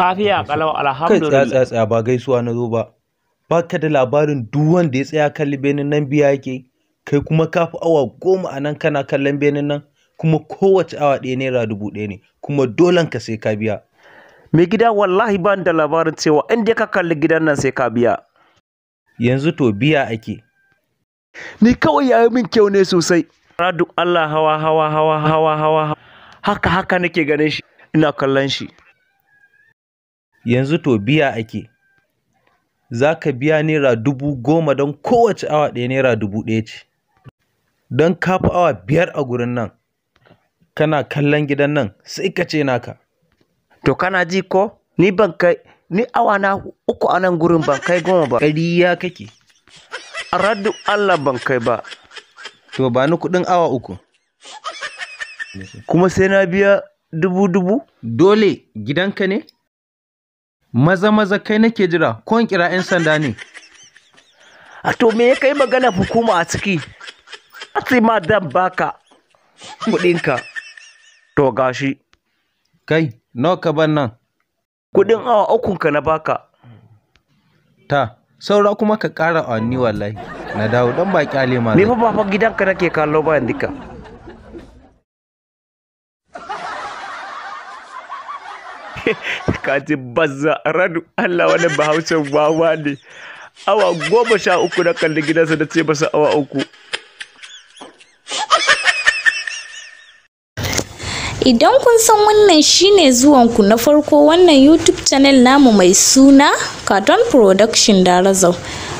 Lafiya kalau alhamdulillah. Kai tsaya tsaya ba gaisuwa na zo ba. baka da labarin duk wanda ya tsaya kalli benin nan biya yake kai kuma ka fi awa goma a nan kana kallon benin nan kuma kowace awa ɗaya naira dubu ɗaya ne kuma dolan ka sai ka biya. Mai gida wallahi ba da labarin cewa inda ka kalli gidan nan sai ka biya. Yanzu to biya ake. Ni kawai ya yi min kyau ne sosai. Duk Allah hawa hawa hawa hawa hawa haka haka nake ganin shi ina kallon shi. yanzu to biya ake. Za ka biya Naira dubu goma don kowace awa ɗaya Naira dubu ɗaya ce. Don ka fi awa biyar a gurin nan, kana kallon gidan nan sai ka ce naka. To kana ji ko? Ni ban kai, ni awa na uku a nan gurin ban kai goma ba. ya kake. A radu Allah ban kai ba. To ba ni kuɗin awa uku. Kuma sai na biya dubu dubu? Dole gidanka ne? maza maza kai nake jira ko in kira 'yan sanda ne a to me ya kai magana hukuma a ciki a ce ma dan baka kudinka to gashi kai nawa ka ban nan kuɗin awa uku ka na baka ta saura kuma ka kara awanni wallahi na dawo dan ba kyale ma fa ba fa gidanka nake kallo ba yanzu kaji baza radu Allah wani bahaushen wawa ne awa goma sha uku na kalli gidansa na ce masa awa uku idan kun san wannan shine zuwanku na farko wannan youtube channel namu mai suna cartoon production razau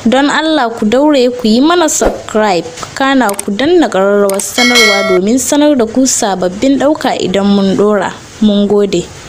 don allah ku daure ku yi mana subscribe kana ku danna ƙararrawar sanarwa domin sanar da ku sababbin ɗauka idan mun ɗora mun gode